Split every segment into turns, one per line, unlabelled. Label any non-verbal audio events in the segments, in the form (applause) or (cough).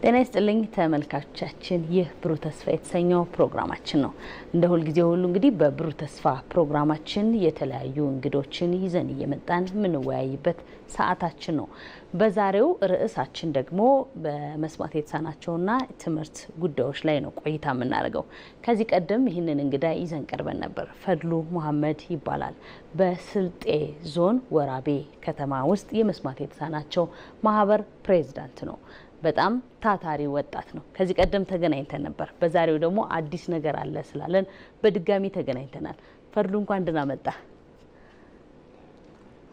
ጤና ይስጥልኝ ተመልካቾቻችን፣ ይህ ብሩህ ተስፋ የተሰኘው ፕሮግራማችን ነው። እንደ ጊዜ ሁሉ እንግዲህ በብሩህ ተስፋ ፕሮግራማችን የተለያዩ እንግዶችን ይዘን እየመጣን የምንወያይበት ሰዓታችን ነው። በዛሬው ርዕሳችን ደግሞ በመስማት የተሳናቸውና ትምህርት ጉዳዮች ላይ ነው ቆይታ የምናደርገው። ከዚህ ቀደም ይህንን እንግዳ ይዘን ቀርበን ነበር። ፈድሉ መሐመድ ይባላል። በስልጤ ዞን ወራቤ ከተማ ውስጥ የመስማት የተሳናቸው ማህበር ፕሬዚዳንት ነው። በጣም ታታሪ ወጣት ነው። ከዚህ ቀደም ተገናኝተን ነበር። በዛሬው ደግሞ አዲስ ነገር አለ ስላለን በድጋሚ ተገናኝተናል። ፈርዱ እንኳን ደህና መጣ።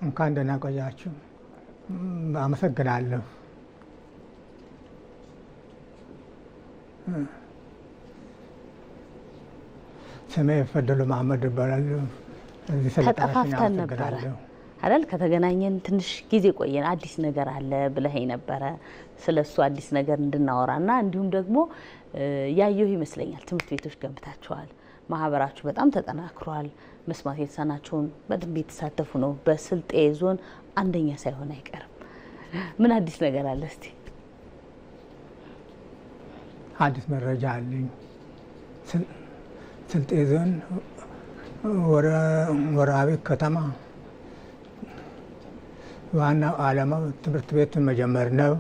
እንኳን ደህና ቆያችሁ። አመሰግናለሁ። ስሜ ፈደሉ መሀመድ ይባላል። ተጠፋፍተን ነበረ
አይደል ከተገናኘን ትንሽ ጊዜ ቆየን። አዲስ ነገር አለ ብለኸኝ ነበረ ስለሱ አዲስ ነገር እንድናወራ ና እንዲሁም ደግሞ ያየሁ ይመስለኛል ትምህርት ቤቶች ገንብታቸዋል። ማህበራችሁ በጣም ተጠናክሯል። መስማት የተሳናቸውን በደንብ የተሳተፉ ነው። በስልጤ ዞን አንደኛ ሳይሆን አይቀርም። ምን አዲስ ነገር አለ? እስቲ
አዲስ መረጃ አለኝ። ስልጤ ዞን ወራቤ ከተማ ዋናው ዓላማው ትምህርት ቤቱን መጀመር ነው።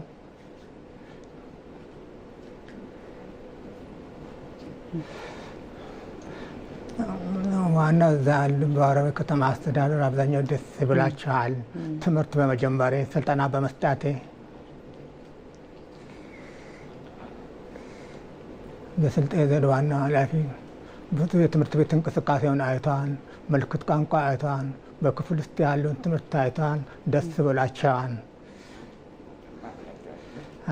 ዋና ዛል ያሉ ከተማ አስተዳደር አብዛኛው ደስ ብላችኋል፣ ትምህርት በመጀመሬ ስልጠና በመስጣቴ በስልጠ ዘድ ዋና ኃላፊ የትምህርት ቤት እንቅስቃሴውን አይቷን ምልክት ቋንቋ አይቷን በክፍል ውስጥ ያለውን ትምህርት አይቷን ደስ ብሏቸዋን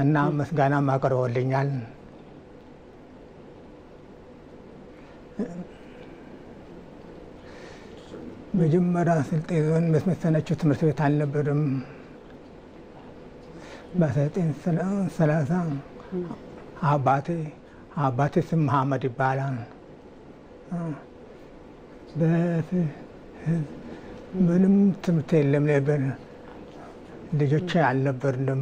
እና ምስጋናም አቅርቦልኛል። መጀመሪያ ስልጤ ዞን ትምህርት ቤት አልነበርም። ስለ ሰላሳ አባቴ አባቴ ስም መሀመድ ይባላል። ምንም ትምህርት የለም ነበር። ልጆች አልነበርንም።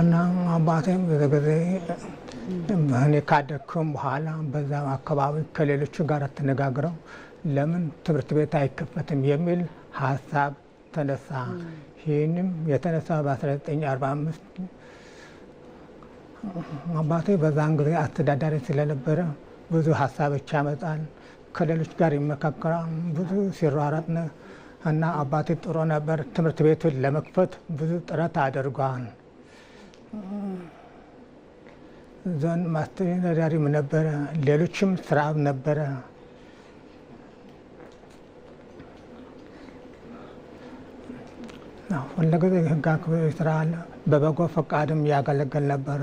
እና አባቴም ብዙ ጊዜ እኔ ካደግኩም በኋላ በዛ አካባቢ ከሌሎቹ ጋር ተነጋግረው ለምን ትምህርት ቤት አይከፈትም የሚል ሀሳብ ተነሳ። ይህንም የተነሳ በ1945 አባቴ በዛን ጊዜ አስተዳዳሪ ስለነበረ ብዙ ሀሳቦች ያመጣል፣ ከሌሎች ጋር ይመካከራል፣ ብዙ ሲሯራጥ እና አባቴ ጥሩ ነበር። ትምህርት ቤቱን ለመክፈት ብዙ ጥረት አድርጓል። ዞን ማስተዳዳሪም ነበረ፣ ሌሎችም ስራ ነበረ። ሁልጊዜ ህግ አክብሮ ይስራል። በበጎ ፈቃድም ያገለግል ነበረ።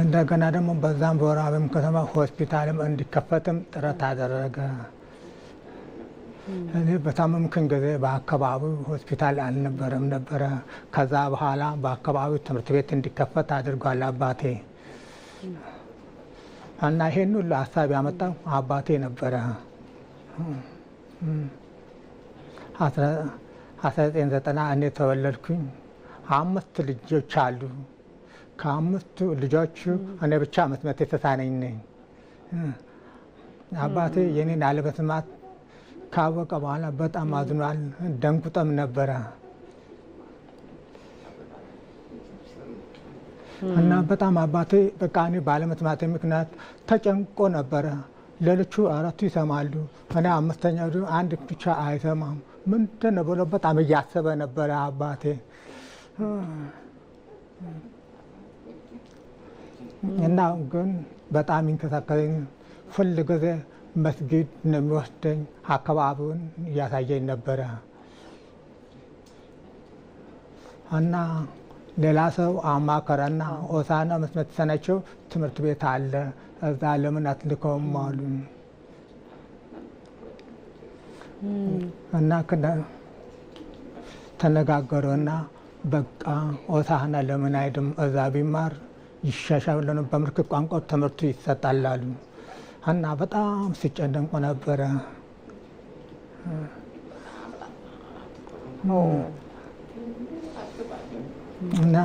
እንደገና ደግሞ በዛም በወራቤም ከተማ ሆስፒታልም እንዲከፈትም ጥረት አደረገ። እኔ በታመምክን ጊዜ በአካባቢው ሆስፒታል አልነበረም ነበረ። ከዛ በኋላ በአካባቢው ትምህርት ቤት እንዲከፈት አድርጓል አባቴ እና ይሄን ሁሉ ሀሳብ ያመጣው አባቴ ነበረ። አስራ ዘጠኝ ዘጠና እኔ ተወለድኩኝ። አምስት ልጆች አሉ። ከአምስቱ ልጆቹ እኔ ብቻ መስማት የተሳነኝ ነኝ። አባቴ የኔን አለመስማት ካወቀ በኋላ በጣም አዝኗል። ደንቁጠም ነበረ እና በጣም አባቴ በቃ እኔ ባለመስማቴ ምክንያት ተጨንቆ ነበረ። ሌሎቹ አራቱ ይሰማሉ። እኔ አምስተኛው አንድ ብቻ አይሰማም። ምንድን ነው ብሎ በጣም እያሰበ ነበረ አባቴ። እና ግን በጣም ይንከሳከሰኝ። ሁል ጊዜ መስጊድ ነው የሚወስደኝ፣ አካባቢውን እያሳየኝ ነበረ እና ሌላ ሰው አማከረና ሆሳዕና መስመት ሰነቸው ትምህርት ቤት አለ እዛ ለምን አትልከውም አሉ እና ተነጋገሩና በቃ ሆሳዕና ለምን አይድም እዛ ቢማር ይሻሻለን በምልክት ቋንቋ ትምህርቱ ይሰጣል አሉ እና በጣም ሲጨነቁ ነበረ። እና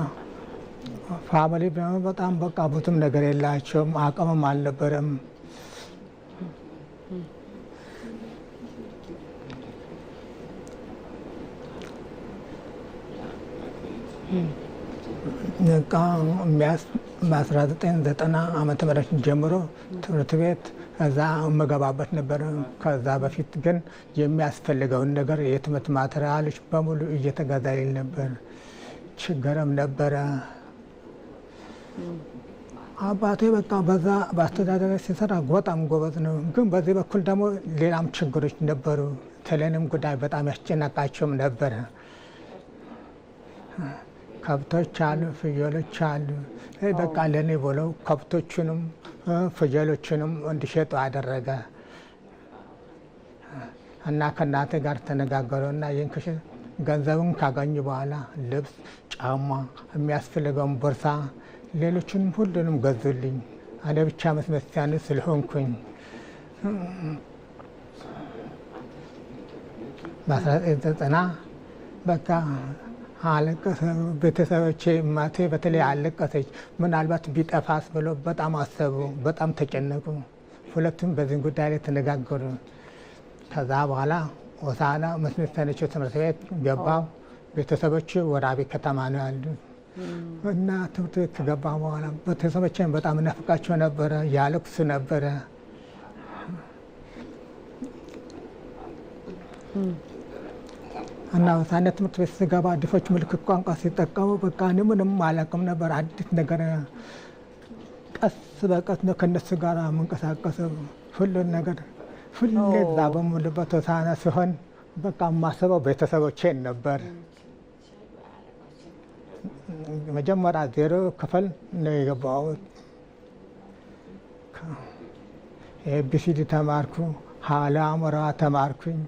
ፋሚሊ በጣም በቃ ቡትም ነገር የላቸውም፣ አቅምም አልነበረም። በቃ በአስራ ዘጠኝ ዘጠና ዓመተ ምህረት ጀምሮ ትምህርት ቤት እዛ መገባበት ነበር ከዛ በፊት ግን የሚያስፈልገውን ነገር የትምህርት ማቴሪያሎች በሙሉ እየተገዛልኝ ነበር። ችግርም ነበረ። አባቴ በቃ በዛ በአስተዳደር ሲሰራ በጣም ጎበዝ ነው። ግን በዚህ በኩል ደግሞ ሌላም ችግሮች ነበሩ። ተለንም ጉዳይ በጣም ያስጨነቃቸውም ነበረ። ከብቶች አሉ፣ ፍየሎች አሉ። በቃ ለእኔ ብለው ከብቶቹንም ፍየሎቹንም እንዲሸጡ አደረገ እና ከእናቴ ጋር ተነጋገሩ እና ይህን ገንዘብን ካገኙ በኋላ ልብስ፣ ጫማ፣ የሚያስፈልገውን ቦርሳ ሌሎችን ሁሉንም ገዙልኝ። አለ ብቻ መስመስያነት ስለሆንኩኝ በ1990 በቃ አለቀሰ። ቤተሰቦቼ ማቴ በተለይ አለቀሰች። ምናልባት ቢጠፋስ ብሎ በጣም አሰቡ፣ በጣም ተጨነቁ። ሁለቱም በዚህ ጉዳይ ላይ ተነጋገሩ። ከዛ በኋላ ሆሳዕና መስመስያነቸው ትምህርት ቤት ገባው። ቤተሰቦች ወራቤ ከተማ ነው ያሉት። እና ትምህርት ቤት ከገባ በኋላ ቤተሰቦቼን በጣም እናፍቃቸው ነበረ፣ ያለቅስ ነበረ። እና ህፃነት ትምህርት ቤት ስገባ ድፎች ምልክት ቋንቋ ሲጠቀሙ በቃ እኔ ምንም አላውቅም ነበር። አዲስ ነገር ቀስ በቀስ ነው ከነሱ ጋር የምንቀሳቀሰው ሁሉን ነገር ሁሌ እዛ በሙሉበት ህፃናት ሲሆን በቃ የማስበው ቤተሰቦቼን ነበር። መጀመሪያ ዜሮ ክፍል ነው የገባሁት። ኤቢሲዲ ተማርኩ፣ ሀላ አሞራ ተማርኩኝ።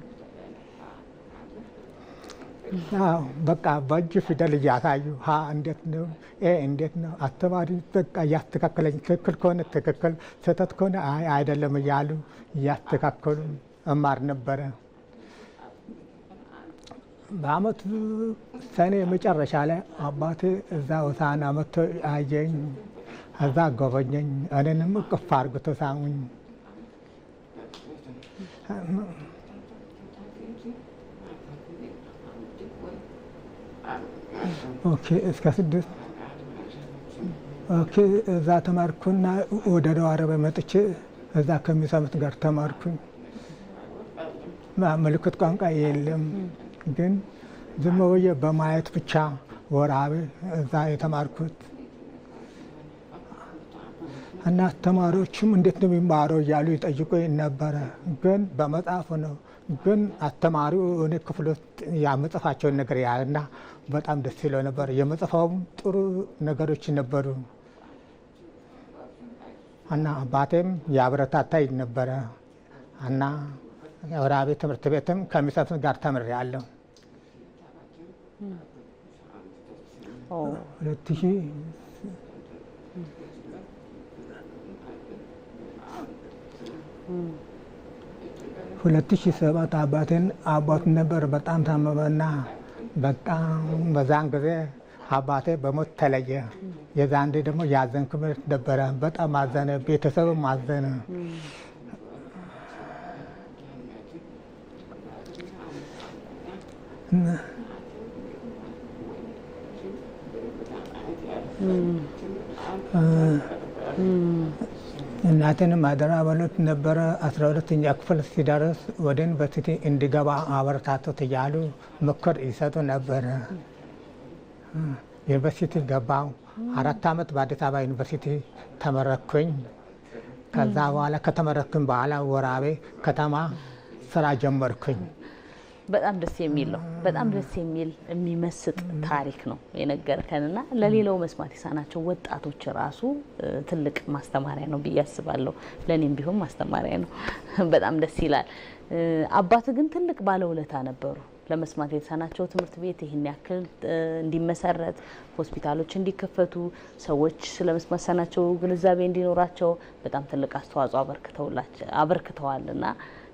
በቃ በእጅ ፊደል እያሳዩ ሀ እንዴት ነው ኤ እንዴት ነው አስተማሪ በቃ እያስተካከለኝ ትክክል ከሆነ ትክክል ስህተት ከሆነ አይደለም እያሉ እያስተካከሉ እማር ነበረ። በአመቱ ሰኔ መጨረሻ ላይ አባቴ እዛ ውሳና መጥቶ አየኝ። እዛ ጎበኘኝ። እኔንም እቅፍ አርግቶ ሳሙኝ። ኦኬ እስከ ስድስት ኦኬ እዛ ተማርኩና ወደ ደዋረበ መጥቼ እዛ ከሚሰሙት ጋር ተማርኩኝ። ምልክት ቋንቋ የለም። ግን ዝም ብዬ በማየት ብቻ ወራብ እዛ የተማርኩት እና ተማሪዎችም እንዴት ነው የሚማረው እያሉ ይጠይቁ ነበረ። ግን በመጽሐፍ ነው። ግን አስተማሪው እኔ ክፍል ውስጥ ያመጽፋቸውን ነገር ያልና በጣም ደስ ይለው ነበር። የመጽፋውም ጥሩ ነገሮች ነበሩ እና አባቴም ያበረታታኝ ነበረ እና ወራቤ ትምህርት ቤትም ከሚሰፍን ጋር ተምሬያለሁ።
ሁለት
ሺህ ሁለት ሺህ ሰባት አባቴን አባቱ ነበር በጣም ታመመና በጣም በዛን ጊዜ አባቴ በሞት ተለየ። የዛንዴ ደግሞ ያዘንኩበት ነበረ። በጣም አዘነ፣ ቤተሰብም አዘነ። እናቴንም አደራ በሎት ነበረ። አስራ ሁለተኛ ክፍል ሲደርስ ወደ ዩኒቨርሲቲ እንዲገባ አበረታቶት እያሉ ምክር ይሰጡ ነበረ። ዩኒቨርሲቲ ገባው። አራት ዓመት በአዲስ አበባ ዩኒቨርሲቲ ተመረኩኝ። ከዛ በኋላ ከተመረኩኝ በኋላ ወራቤ ከተማ ስራ ጀመርኩኝ።
በጣም ደስ የሚል ነው። በጣም ደስ የሚል የሚመስጥ ታሪክ ነው የነገርከን እና ለሌላው መስማት የሳናቸው ወጣቶች ራሱ ትልቅ ማስተማሪያ ነው ብዬ አስባለሁ። ለእኔም ቢሆን ማስተማሪያ ነው። (laughs) በጣም ደስ ይላል። አባት ግን ትልቅ ባለውለታ ነበሩ። ለመስማት የተሳናቸው ትምህርት ቤት ይህን ያክል እንዲመሰረት፣ ሆስፒታሎች እንዲከፈቱ፣ ሰዎች ስለ መስማት የተሳናቸው ግንዛቤ እንዲኖራቸው በጣም ትልቅ አስተዋጽኦ አበርክተዋል እና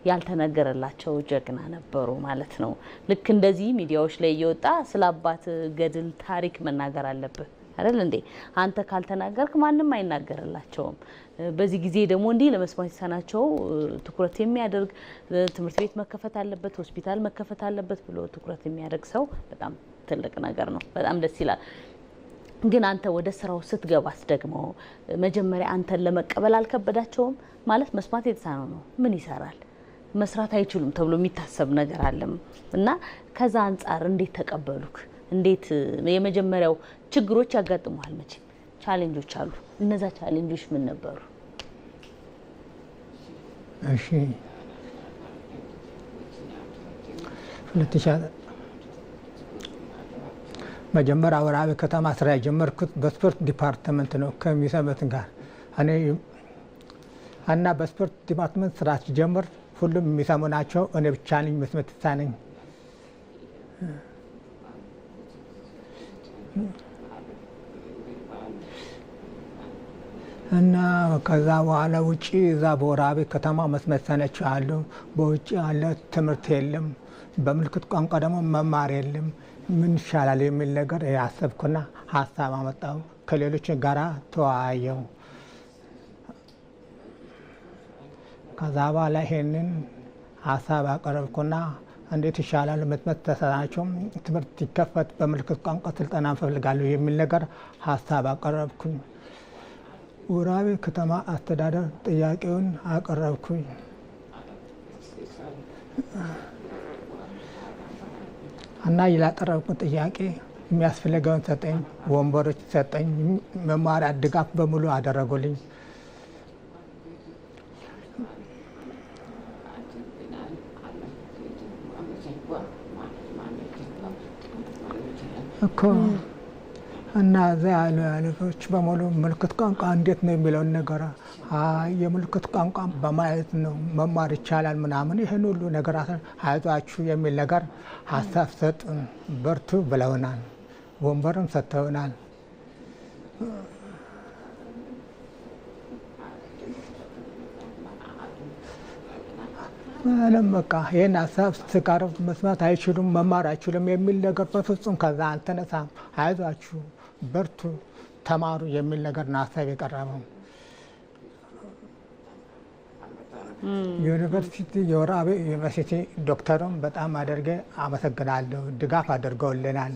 ያልተነገረላቸው ጀግና ነበሩ ማለት ነው። ልክ እንደዚህ ሚዲያዎች ላይ እየወጣ ስለ አባት ገድል ታሪክ መናገር አለብህ አይደል እንዴ? አንተ ካልተናገርክ ማንም አይናገርላቸውም። በዚህ ጊዜ ደግሞ እንዲህ ለመስማት የተሳናቸው ትኩረት የሚያደርግ ትምህርት ቤት መከፈት አለበት፣ ሆስፒታል መከፈት አለበት ብሎ ትኩረት የሚያደርግ ሰው በጣም ትልቅ ነገር ነው። በጣም ደስ ይላል። ግን አንተ ወደ ስራው ስትገባስ ደግሞ መጀመሪያ አንተን ለመቀበል አልከበዳቸውም ማለት መስማት የተሳነው ነው ምን ይሰራል? መስራት አይችሉም ተብሎ የሚታሰብ ነገር አለም እና ከዛ አንጻር እንዴት ተቀበሉክ? እንዴት የመጀመሪያው ችግሮች ያጋጥመዋል መቼም ቻሌንጆች አሉ። እነዛ ቻሌንጆች ምን ነበሩ?
እሺ
2000 መጀመሪያ ወራቤ ከተማ ስራ የጀመርኩት በስፖርት ዲፓርትመንት ነው ከሚሰመት ጋር እኔ እና በስፖርት ዲፓርትመንት ስራ ሲጀምር ሁሉም የሚሰሙ ናቸው። እኔ ብቻ ነኝ መስመትታ ነኝ። እና ከዛ በኋላ ውጭ እዛ በወራቤ ከተማ ሰነች አሉ። በውጭ ያለ ትምህርት የለም። በምልክት ቋንቋ ደግሞ መማር የለም። ምን ይሻላል የሚል ነገር ያሰብኩና ሀሳብ አመጣው። ከሌሎች ጋራ ተወያየው። ከዛ በኋላ ይሄንን ሀሳብ አቀረብኩና እንዴት ይሻላል ህትመት ተሰናቸው ትምህርት ሲከፈት በምልክት ቋንቋ ስልጠና እንፈልጋለሁ የሚል ነገር ሀሳብ አቀረብኩኝ። ውራዊ ከተማ አስተዳደር ጥያቄውን አቀረብኩኝ። እና ላቀረብኩት ጥያቄ የሚያስፈልገውን ሰጠኝ፣ ወንበሮች ሰጠኝ፣ መማሪያ ድጋፍ በሙሉ አደረጉልኝ።
እኮ እና
እዛ ያሉ ያሉቶች በሙሉ ምልክት ቋንቋ እንዴት ነው የሚለውን ነገር የምልክት ቋንቋ በማየት ነው መማር ይቻላል ምናምን ይህን ሁሉ ነገር አይዟችሁ የሚል ነገር ሀሳብ ሰጡን። በርቱ ብለውናል። ወንበርም ሰጥተውናል። ምንም በቃ ይህን ሀሳብ ስትቀርብ መስማት አይችሉም መማር አይችሉም የሚል ነገር በፍጹም ከዛ አልተነሳም። አይዟችሁ፣ በርቱ፣ ተማሩ የሚል ነገር ነው ሀሳብ የቀረበው።
ዩኒቨርሲቲ
የወራቤ ዩኒቨርሲቲ ዶክተሩም በጣም አድርጌ አመሰግናለሁ። ድጋፍ አድርገውልናል።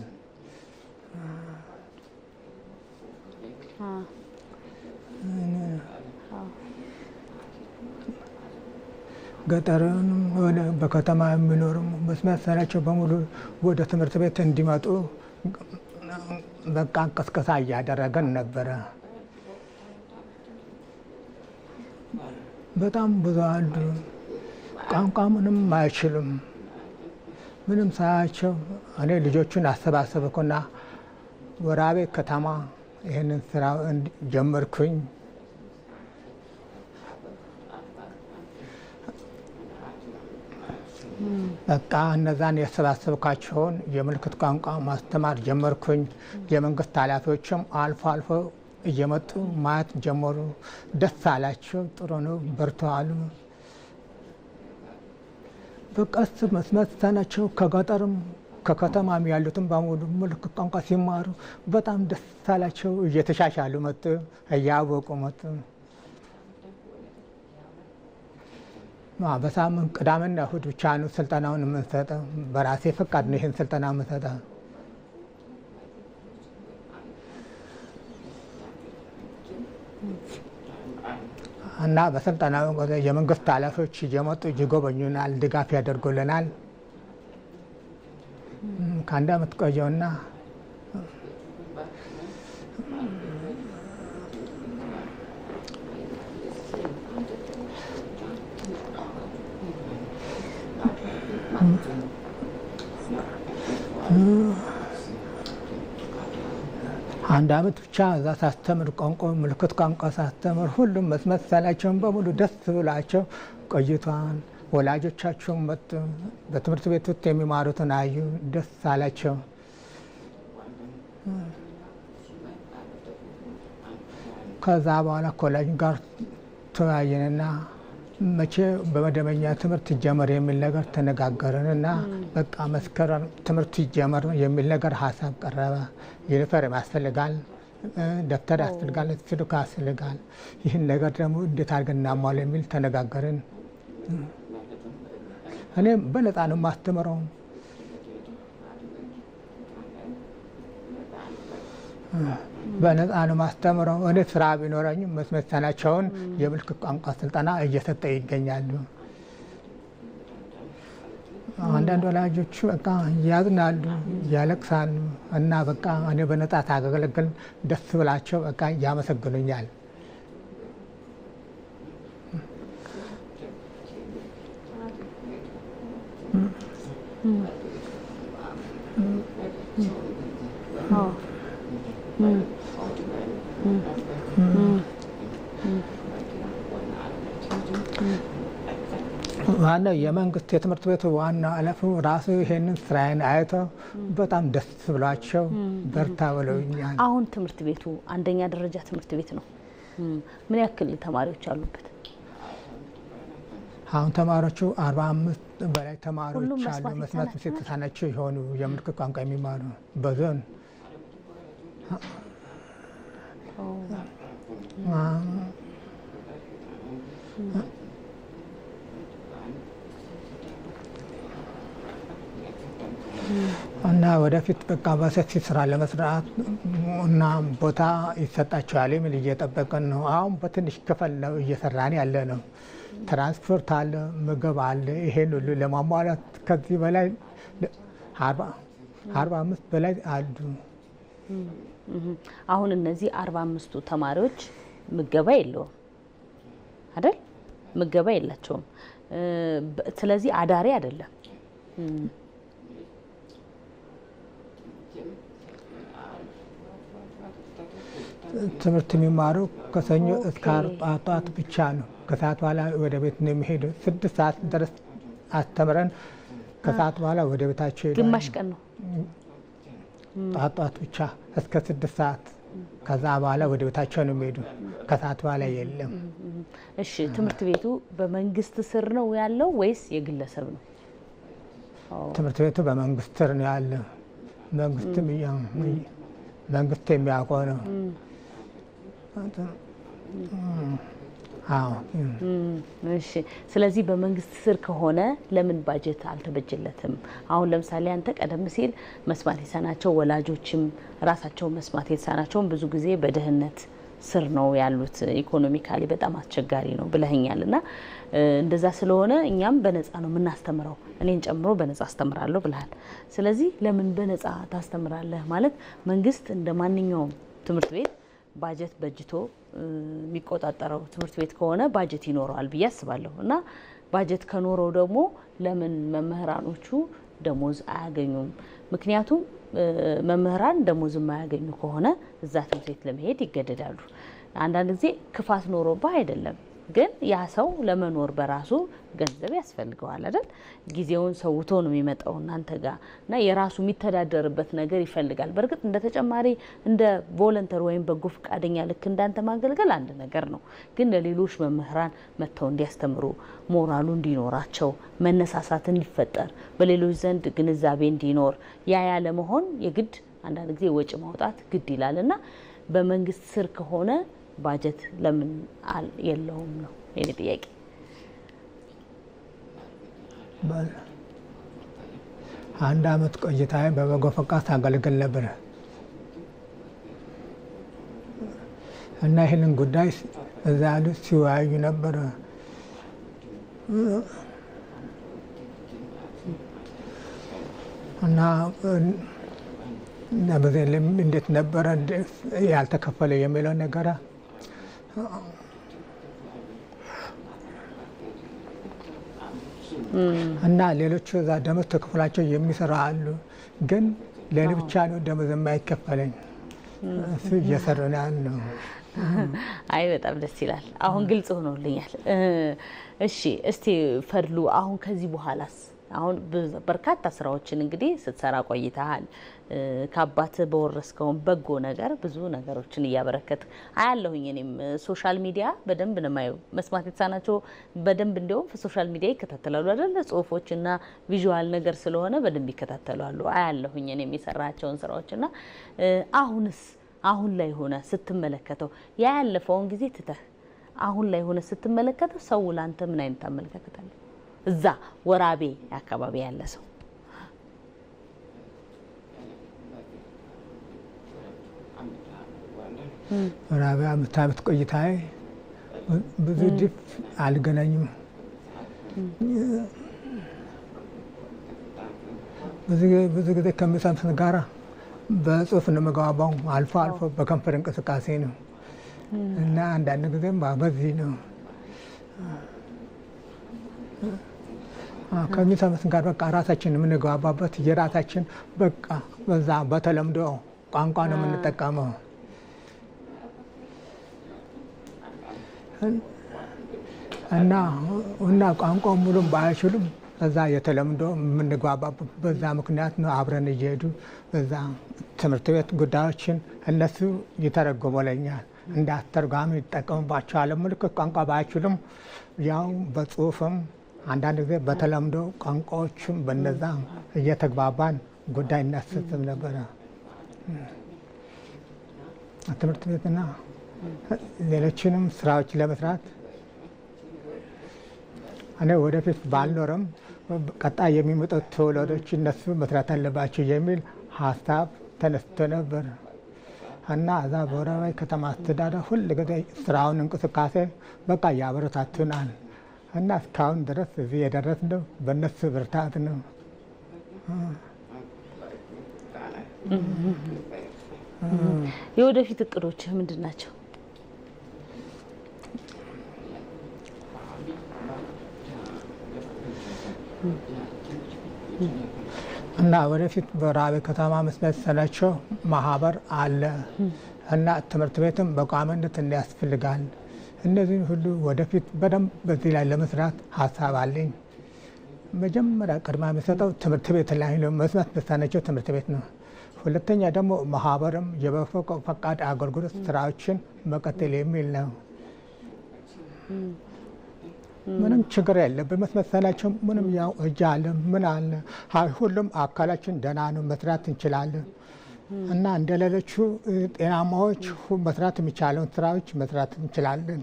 ገጠርን ሆነ በከተማ የሚኖርም መስማት በሙሉ ወደ ትምህርት ቤት እንዲመጡ በቃ ቅስቀሳ እያደረገን ነበረ። በጣም ብዙ አሉ። ቋንቋ ምንም ምንም ሳያቸው እኔ ልጆቹን አሰባሰብኩና ወራቤ ከተማ ይህንን ስራ ጀመርኩኝ። በቃ እነዛን የሰባሰብካቸውን የምልክት ቋንቋ ማስተማር ጀመርኩኝ። የመንግስት ኃላፊዎችም አልፎ አልፎ እየመጡ ማየት ጀመሩ። ደስ አላቸው። ጥሩ ነው፣ በርቱ አሉ። በቀስ መስመት ተሳናቸው። ከገጠርም ከከተማም ያሉትም በሙሉ ምልክት ቋንቋ ሲማሩ በጣም ደስ አላቸው። እየተሻሻሉ መጡ፣ እያወቁ መጡ። በሳምንት ቅዳሜና እሁድ ብቻ ነው ስልጠናውን የምንሰጠው። በራሴ ፈቃድ ነው ይህን ስልጠና የምንሰጠው። እና በስልጠናው የመንግስት ኃላፊዎች እየመጡ ይጎበኙናል፣ ድጋፍ ያደርጉልናል። ከአንድ አመት ቆየውና አንድ አመት ብቻ እዛ ሳስተምር ቋንቋ ምልክት ቋንቋ ሳስተምር ሁሉም መስመሰላቸውን በሙሉ ደስ ብላቸው ቆይቷን ወላጆቻቸውን መጡ። በትምህርት ቤት ውስጥ የሚማሩትን አዩ፣ ደስ አላቸው። ከዛ በኋላ ኮሌጅ ጋር ተወያየንና መቼ በመደበኛ ትምህርት ይጀመር የሚል ነገር ተነጋገርን እና በቃ መስከረም ትምህርት ይጀመር የሚል ነገር ሀሳብ ቀረበ። ዩኒፎርም ያስፈልጋል፣ ደብተር ያስፈልጋል፣ ስዱካ ያስፈልጋል። ይህን ነገር ደግሞ እንዴት አድርገን እናሟል የሚል ተነጋገርን።
እኔም በነፃ ነው የማስተምረው።
በነፃ ነው ማስተምረው። እኔ ስራ ቢኖረኝም መስመሰናቸውን የምልክት ቋንቋ ስልጠና እየሰጠ ይገኛሉ። አንዳንድ ወላጆቹ በቃ ያዝናሉ፣ ያለቅሳሉ እና በቃ እኔ በነፃ ታገለግል ደስ ብላቸው በቃ ያመሰግኑኛል። ያነ የመንግስት የትምህርት ቤቱ ዋና አለፉ ራሱ ይሄንን ስራዬን አይተው በጣም ደስ ብሏቸው በርታ ብለውኛል።
አሁን ትምህርት ቤቱ አንደኛ ደረጃ ትምህርት ቤት ነው። ምን ያክል ተማሪዎች አሉበት?
አሁን ተማሪዎቹ አርባ አምስት በላይ ተማሪዎች አሉ። መስማት የተሳናቸው የሆኑ የምልክት ቋንቋ የሚማሩ በዞን እና ወደፊት በቃ በሰፊ ስራ ለመስራት እና ቦታ ይሰጣቸዋል የሚል እየጠበቅን ነው። አሁን በትንሽ ክፍል ነው እየሰራን ያለ ነው። ትራንስፖርት አለ፣ ምግብ አለ። ይሄን ሁሉ ለማሟላት ከዚህ በላይ አርባ አምስት በላይ አሉ።
አሁን እነዚህ አርባ አምስቱ ተማሪዎች ምገባ የለውም አይደል? ምገባ የላቸውም። ስለዚህ አዳሪ አይደለም
ትምህርት የሚማሩ ከሰኞ እስከ ዓርብ ጧት ጧት ብቻ ነው። ከሰዓት በኋላ ወደ ቤት ነው የሚሄዱ። ስድስት ሰዓት ድረስ አስተምረን ከሰዓት በኋላ ወደ ቤታቸው ይሄዳሉ። ግማሽ
ቀን ነው ጧት
ጧት ብቻ እስከ ስድስት ሰዓት ከዛ በኋላ ወደ ቤታቸው ነው የሚሄዱ። ከሰዓት በኋላ የለም።
እሺ፣ ትምህርት ቤቱ በመንግስት ስር ነው ያለው ወይስ የግለሰብ ነው? ትምህርት
ቤቱ በመንግስት ስር ነው ያለው። መንግስትም መንግስት የሚያውቀው ነው።
እሺ ስለዚህ በመንግስት ስር ከሆነ ለምን ባጀት አልተበጀለትም? አሁን ለምሳሌ አንተ ቀደም ሲል መስማት የተሳናቸው ወላጆችም ራሳቸው መስማት የተሳናቸውን ብዙ ጊዜ በድህነት ስር ነው ያሉት። ኢኮኖሚካሊ በጣም አስቸጋሪ ነው ብለህኛል። እና እንደዛ ስለሆነ እኛም በነፃ ነው የምናስተምረው፣ እኔን ጨምሮ በነፃ አስተምራለሁ ብለሃል። ስለዚህ ለምን በነፃ ታስተምራለህ? ማለት መንግስት እንደ ማንኛውም ትምህርት ቤት ባጀት በጅቶ የሚቆጣጠረው ትምህርት ቤት ከሆነ ባጀት ይኖረዋል ብዬ አስባለሁ እና ባጀት ከኖረው ደግሞ ለምን መምህራኖቹ ደሞዝ አያገኙም? ምክንያቱም መምህራን ደሞዝ የማያገኙ ከሆነ እዛ ትምህርት ቤት ለመሄድ ይገደዳሉ። አንዳንድ ጊዜ ክፋት ኖሮባ አይደለም ግን ያ ሰው ለመኖር በራሱ ገንዘብ ያስፈልገዋል አይደል? ጊዜውን ሰውቶ ነው የሚመጣው እናንተ ጋር እና የራሱ የሚተዳደርበት ነገር ይፈልጋል። በእርግጥ እንደ ተጨማሪ እንደ ቮለንተር ወይም በጎ ፈቃደኛ ልክ እንዳንተ ማገልገል አንድ ነገር ነው። ግን ለሌሎች መምህራን መጥተው እንዲያስተምሩ ሞራሉ እንዲኖራቸው መነሳሳት እንዲፈጠር በሌሎች ዘንድ ግንዛቤ እንዲኖር ያ ያለመሆን የግድ አንዳንድ ጊዜ ወጪ ማውጣት ግድ ይላል እና በመንግስት ስር ከሆነ ባጀት ለምን የለውም ነው የኔ ጥያቄ።
አንድ አመት ቆይታ በበጎ ፈቃድ አገልግል ነበር እና ይህንን ጉዳይ እዛ ያሉት ሲወያዩ ነበረ። እና እንዴት ነበረ ያልተከፈለ የሚለው ነገር እና ሌሎቹ እዛ ደሞዝ ተከፍሏቸው የሚሰራ አሉ። ግን ለእኔ ብቻ ነው ደሞዝ የማይከፈለኝ።
እሱ እየሰራ ነው ያለው። አይ በጣም ደስ ይላል። አሁን ግልጽ ሆኖልኛል። እሺ እስቲ ፈድሉ፣ አሁን ከዚህ በኋላስ አሁን በርካታ ስራዎችን እንግዲህ ስትሰራ ቆይተሃል። ከአባት በወረስከውን በጎ ነገር ብዙ ነገሮችን እያበረከት አያለሁኝ። እኔም ሶሻል ሚዲያ በደንብ ነው የማየው። መስማት የተሳናቸው በደንብ እንዲሁም ሶሻል ሚዲያ ይከታተላሉ አይደለ? ጽሁፎችና ቪዥዋል ነገር ስለሆነ በደንብ ይከታተላሉ። አያለሁኝ እኔም የሰራቸውን ስራዎችና አሁንስ አሁን ላይ ሆነ ስትመለከተው ያ ያለፈውን ጊዜ ትተህ አሁን ላይ ሆነ ስትመለከተው ሰው ላንተ ምን አይነት አመለካከት አለ? እዛ ወራቤ አካባቢ ያለ ሰው
ምዕራብ አምስት ዓመት ቆይታ ብዙ ድፍ አልገናኝም። ብዙ ጊዜ ከሚሰምስን ጋራ በጽሁፍ እንመግባባው አልፎ አልፎ በከንፈር እንቅስቃሴ ነው እና አንዳንድ ጊዜም በዚህ ነው። ከሚሰምስን ጋር በቃ ራሳችን የምንገባባበት የራሳችን በቃ በዛ በተለምዶ ቋንቋ ነው የምንጠቀመው። እና እና ቋንቋ ሙሉም ባይችሉም እዛ የተለምዶ የምንግባባበት በዛ ምክንያት ነው። አብረን እየሄዱ በዛ ትምህርት ቤት ጉዳዮችን እነሱ ይተረጉሙልኛል። እንደ አስተርጓሚ ይጠቀሙባቸዋል። ምልክት ቋንቋ ባይችሉም ያው በጽሁፍም አንዳንድ ጊዜ በተለምዶ ቋንቋዎችም በነዛ እየተግባባን ጉዳይ እናስስብ ነበረ ትምህርት ቤትና ሌሎችንም ስራዎች ለመስራት እኔ ወደፊት ባልኖረም ቀጣይ የሚመጡት ትውልዶች እነሱ መስራት አለባቸው የሚል ሀሳብ ተነስቶ ነበር እና እዛ በወረባይ ከተማ አስተዳደር ሁል ጊዜ ስራውን እንቅስቃሴ በቃ ያበረታቱናል እና እስካሁን ድረስ እዚህ የደረስነው በእነሱ ብርታት ነው።
የወደፊት እቅዶች ምንድን ናቸው?
እና ወደፊት በራቤ ከተማ መሰላቸው ማህበር አለ እና ትምህርት ቤትም በቋሚነት እንዲያስፈልጋል። እነዚህን ሁሉ ወደፊት በደንብ በዚህ ላይ ለመስራት ሀሳብ አለኝ። መጀመሪያ ቅድማ የሚሰጠው ትምህርት ቤት ላይ መስማት የተሳናቸው ትምህርት ቤት ነው። ሁለተኛ ደግሞ ማህበርም የበጎ ፈቃድ አገልግሎት ስራዎችን መቀጠል የሚል ነው። ምንም ችግር የለብን። መትመሰላቸው ምንም ያው እጅ አለ ምን አለ ሁሉም አካላችን ደህና ነው። መስራት እንችላለን እና እንደሌሎቹ ጤናማዎች መስራት የሚቻለውን ስራዎች መስራት እንችላለን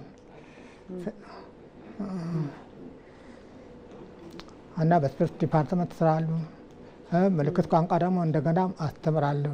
እና በስፖርት ዲፓርትመንት ስራሉ ምልክት ቋንቋ ደግሞ እንደገና አስተምራለሁ።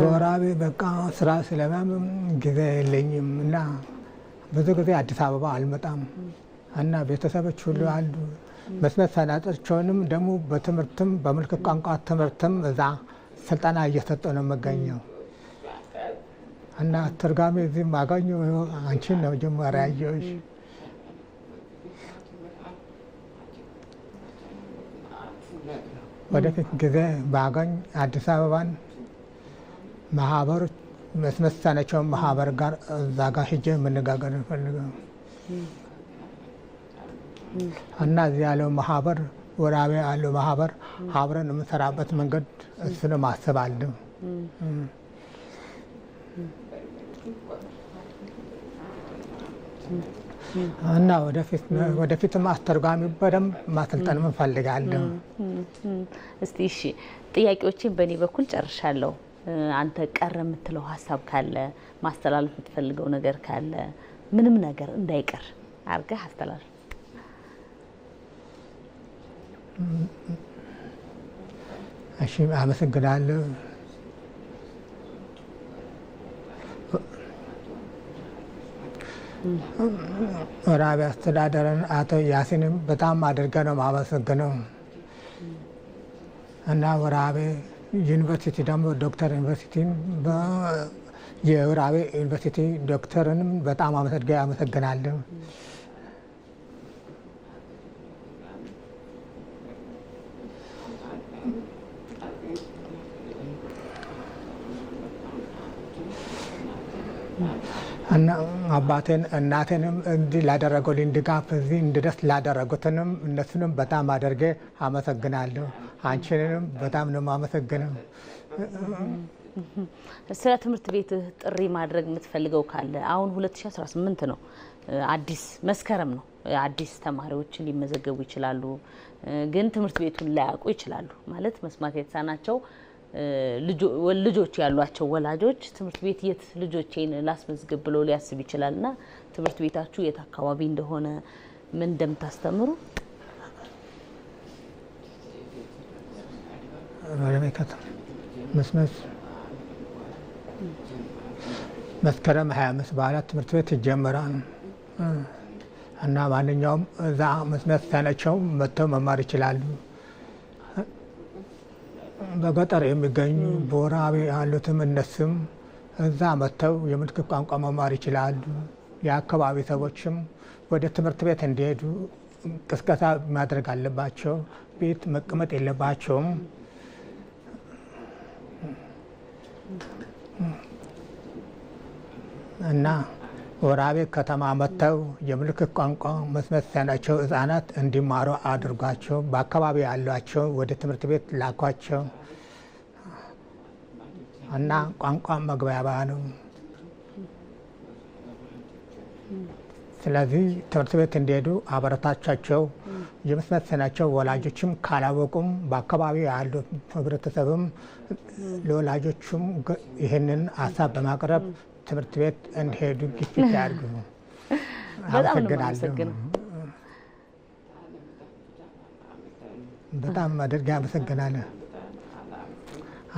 በወራቤ በቃ ስራ ስለማምም ጊዜ የለኝም እና ብዙ ጊዜ አዲስ አበባ አልመጣም እና ቤተሰቦች ሁሉ አሉ መስመት ሰላጦችንም ደግሞ በትምህርትም በምልክት ቋንቋ ትምህርትም እዛ ስልጠና እየሰጠ ነው የምገኘው እና ትርጓሜ እዚህ ማገኘው አንቺን ነው መጀመሪያ ያየሁሽ። ወደፊት ጊዜ ባገኝ አዲስ አበባን ማህበር መስመሳነቸው ማህበር ጋር እዛ ጋር ሂጄ መነጋገር እንፈልገ እና እዚህ ያለው ማህበር ወራቤ ያለው ማህበር አብረን የምንሰራበት መንገድ እሱን ማሰብ አለ። እና ወደፊትም አስተርጓሚ በደንብ ማሰልጠን እንፈልጋለን።
እስቲ እሺ፣ ጥያቄዎችን በእኔ በኩል ጨርሻለሁ። አንተ ቀረ የምትለው ሀሳብ ካለ ማስተላለፍ የምትፈልገው ነገር ካለ ምንም ነገር እንዳይቀር አድርገህ አስተላልፍ።
እሺ፣ አመሰግናለሁ። ወራቤ አስተዳደርን አቶ ያሲንም በጣም አድርገ ነው የማመሰግነው እና ወራቤ ዩኒቨርሲቲ ደግሞ ዶክተር ዩኒቨርሲቲ የውራቤ ዩኒቨርሲቲ ዶክተርንም በጣም አመሰድጋ አመሰግናለሁ። እና አባቴን እናቴንም እንዲህ ላደረጉልኝ ድጋፍ እዚህ እንድደርስ ላደረጉትንም እነሱንም በጣም አድርጌ አመሰግናለሁ። አንቺንም በጣም ነው የማመሰግነው።
ስለ ትምህርት ቤት ጥሪ ማድረግ የምትፈልገው ካለ አሁን 2018 ነው፣ አዲስ መስከረም ነው። አዲስ ተማሪዎች ሊመዘገቡ ይችላሉ፣ ግን ትምህርት ቤቱን ላያውቁ ይችላሉ ማለት መስማት የተሳናቸው ልጆች ያሏቸው ወላጆች ትምህርት ቤት የት ልጆቼን ላስመዝግብ ብሎ ሊያስብ ይችላል። ና ትምህርት ቤታችሁ የት አካባቢ እንደሆነ ምን እንደምታስተምሩ
መስከረም 25 በዓላት ትምህርት ቤት ይጀምራል እና ማንኛውም እዛ መስመር ሲሰለቸው መጥተው መማር ይችላሉ። በገጠር የሚገኙ ቦራ ያሉትም እነሱም እዛ መጥተው የምልክት ቋንቋ መማር ይችላሉ። የአካባቢ ሰዎችም ወደ ትምህርት ቤት እንዲሄዱ ቅስቀሳ ማድረግ አለባቸው። ቤት መቀመጥ የለባቸውም። እና ወራቤ ከተማ መጥተው የምልክት ቋንቋ መስማት የተሳናቸው ህጻናት እንዲማሩ አድርጓቸው፣ በአካባቢ ያሏቸው ወደ ትምህርት ቤት ላኳቸው እና ቋንቋ መግባቢያ ነው። ስለዚህ ትምህርት ቤት እንዲሄዱ አበረታቻቸው። የመስማት የተሳናቸው ወላጆችም ካላወቁም በአካባቢ ያሉ ህብረተሰብም ለወላጆችም ይህንን ሀሳብ በማቅረብ ትምህርት ቤት እንዲሄዱ ግፊት (laughs) ያድርጉ። አመሰግናለሁ። በጣም አድርጋ አመሰግናለሁ።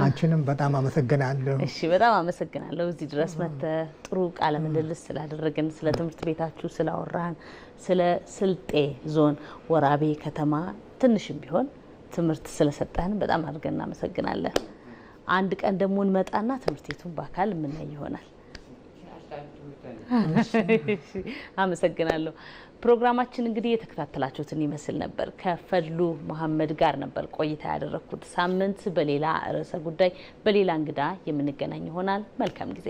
አንቺንም በጣም አመሰግናለሁ። እሺ፣
በጣም አመሰግናለሁ እዚህ ድረስ መጥተህ ጥሩ ቃለ ምልልስ ስላደረግን፣ ስለ ትምህርት ቤታችሁ ስላወራን፣ ስለ ስልጤ ዞን ወራቤ ከተማ ትንሽም ቢሆን ትምህርት ስለሰጠህን በጣም አድርገን እናመሰግናለን። አንድ ቀን ደግሞ እንመጣና ትምህርት ቤቱን በአካል የምናይ ይሆናል። አመሰግናለሁ። ፕሮግራማችን እንግዲህ የተከታተላችሁትን ይመስል ነበር። ከፈሉ መሀመድ ጋር ነበር ቆይታ ያደረግኩት። ሳምንት በሌላ ርዕሰ ጉዳይ በሌላ እንግዳ የምንገናኝ ይሆናል። መልካም ጊዜ